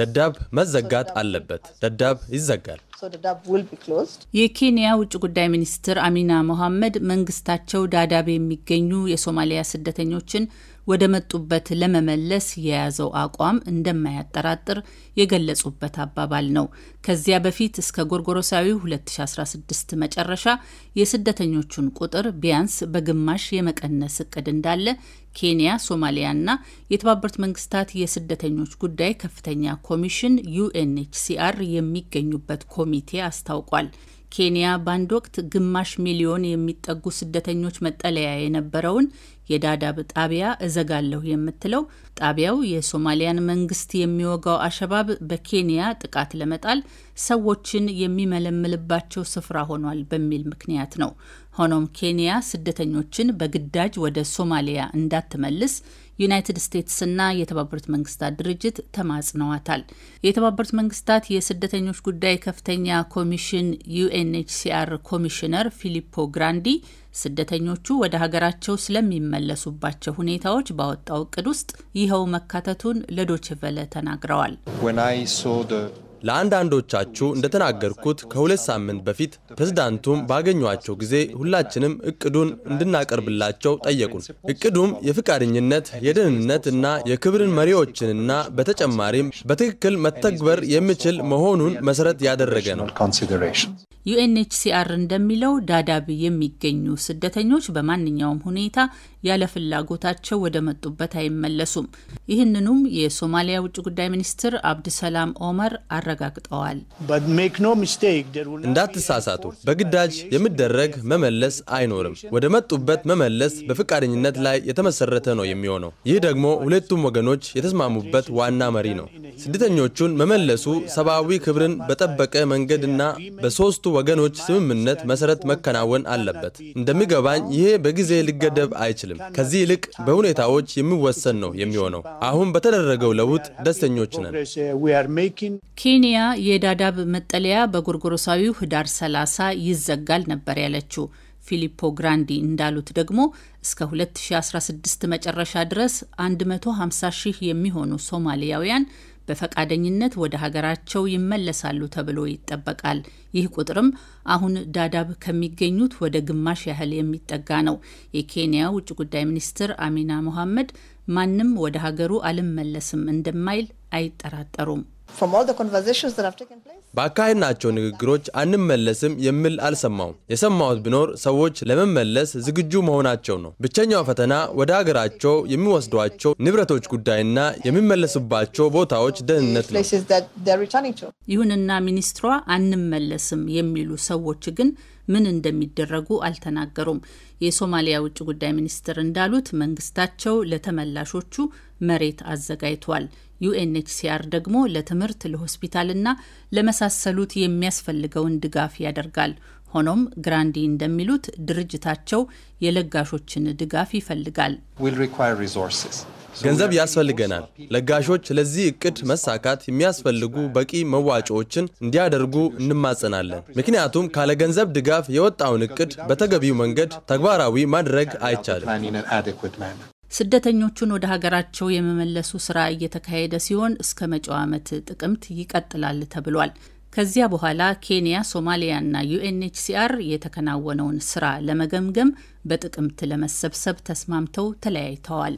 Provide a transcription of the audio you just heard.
ደዳብ መዘጋት አለበት። ደዳብ ይዘጋል። የኬንያ ውጭ ጉዳይ ሚኒስትር አሚና ሞሐመድ መንግስታቸው ዳዳብ የሚገኙ የሶማሊያ ስደተኞችን ወደ መጡበት ለመመለስ የያዘው አቋም እንደማያጠራጥር የገለጹበት አባባል ነው። ከዚያ በፊት እስከ ጎርጎሮሳዊ 2016 መጨረሻ የስደተኞቹን ቁጥር ቢያንስ በግማሽ የመቀነስ እቅድ እንዳለ ኬንያ፣ ሶማሊያና የተባበሩት መንግስታት የስደተኞች ጉዳይ ከፍተኛ ኮሚሽን ዩኤንኤችሲአር የሚገኙበት ኮሚቴ አስታውቋል። ኬንያ በአንድ ወቅት ግማሽ ሚሊዮን የሚጠጉ ስደተኞች መጠለያ የነበረውን የዳዳብ ጣቢያ እዘጋለሁ የምትለው ጣቢያው የሶማሊያን መንግስት የሚወጋው አሸባብ በኬንያ ጥቃት ለመጣል ሰዎችን የሚመለምልባቸው ስፍራ ሆኗል በሚል ምክንያት ነው። ሆኖም ኬንያ ስደተኞችን በግዳጅ ወደ ሶማሊያ እንዳትመልስ ዩናይትድ ስቴትስና የተባበሩት መንግስታት ድርጅት ተማጽነዋታል። የተባበሩት መንግስታት የስደተኞች ጉዳይ ከፍተኛ ኮሚሽን ዩኤንኤችሲአር ኮሚሽነር ፊሊፖ ግራንዲ ስደተኞቹ ወደ ሀገራቸው ስለሚመለሱባቸው ሁኔታዎች ባወጣው እቅድ ውስጥ ይኸው መካተቱን ለዶችቨለ ተናግረዋል። ለአንዳንዶቻችሁ እንደተናገርኩት ከሁለት ሳምንት በፊት ፕሬዝዳንቱም ባገኟቸው ጊዜ ሁላችንም እቅዱን እንድናቀርብላቸው ጠየቁን። እቅዱም የፍቃደኝነት፣ የደህንነት እና የክብርን መሪዎችንና በተጨማሪም በትክክል መተግበር የሚችል መሆኑን መሰረት ያደረገ ነው። ዩኤንኤችሲአር እንደሚለው ዳዳብ የሚገኙ ስደተኞች በማንኛውም ሁኔታ ያለ ፍላጎታቸው ወደ መጡበት አይመለሱም። ይህንኑም የሶማሊያ ውጭ ጉዳይ ሚኒስትር አብድሰላም ኦመር አረጋግጠዋል። እንዳትሳሳቱ፣ በግዳጅ የሚደረግ መመለስ አይኖርም። ወደ መጡበት መመለስ በፈቃደኝነት ላይ የተመሰረተ ነው የሚሆነው። ይህ ደግሞ ሁለቱም ወገኖች የተስማሙበት ዋና መሪ ነው። ስደተኞቹን መመለሱ ሰብአዊ ክብርን በጠበቀ መንገድና በሶስቱ ወገኖች ስምምነት መሰረት መከናወን አለበት። እንደሚገባኝ ይሄ በጊዜ ሊገደብ አይችልም። ከዚህ ይልቅ በሁኔታዎች የሚወሰን ነው የሚሆነው። አሁን በተደረገው ለውጥ ደስተኞች ነን። ኬንያ የዳዳብ መጠለያ በጎርጎሮሳዊው ህዳር 30 ይዘጋል ነበር ያለችው። ፊሊፖ ግራንዲ እንዳሉት ደግሞ እስከ 2016 መጨረሻ ድረስ 150 ሺህ የሚሆኑ ሶማሊያውያን በፈቃደኝነት ወደ ሀገራቸው ይመለሳሉ ተብሎ ይጠበቃል። ይህ ቁጥርም አሁን ዳዳብ ከሚገኙት ወደ ግማሽ ያህል የሚጠጋ ነው። የኬንያ ውጭ ጉዳይ ሚኒስትር አሚና ሞሐመድ ማንም ወደ ሀገሩ አልመለስም እንደማይል አይጠራጠሩም። በአካሄድ ናቸው ንግግሮች አንመለስም የሚል አልሰማውም። የሰማሁት ቢኖር ሰዎች ለመመለስ ዝግጁ መሆናቸው ነው። ብቸኛው ፈተና ወደ ሀገራቸው የሚወስዷቸው ንብረቶች ጉዳይና የሚመለሱባቸው ቦታዎች ደህንነት ነው። ይሁንና ሚኒስትሯ አንመለስም የሚሉ ሰዎች ግን ምን እንደሚደረጉ አልተናገሩም። የሶማሊያ ውጭ ጉዳይ ሚኒስትር እንዳሉት መንግስታቸው ለተመላሾቹ መሬት አዘጋጅቷል። ዩኤንኤችሲአር ደግሞ ለትምህርት ለሆስፒታልና ለመሳሰሉት የሚያስፈልገውን ድጋፍ ያደርጋል። ሆኖም ግራንዲ እንደሚሉት ድርጅታቸው የለጋሾችን ድጋፍ ይፈልጋል። ገንዘብ ያስፈልገናል። ለጋሾች ለዚህ እቅድ መሳካት የሚያስፈልጉ በቂ መዋጮዎችን እንዲያደርጉ እንማጸናለን። ምክንያቱም ካለ ገንዘብ ድጋፍ የወጣውን እቅድ በተገቢው መንገድ ተግባራዊ ማድረግ አይቻልም። ስደተኞቹን ወደ ሀገራቸው የመመለሱ ስራ እየተካሄደ ሲሆን እስከ መጪው ዓመት ጥቅምት ይቀጥላል ተብሏል። ከዚያ በኋላ ኬንያ፣ ሶማሊያና ዩኤንኤችሲአር የተከናወነውን ስራ ለመገምገም በጥቅምት ለመሰብሰብ ተስማምተው ተለያይተዋል።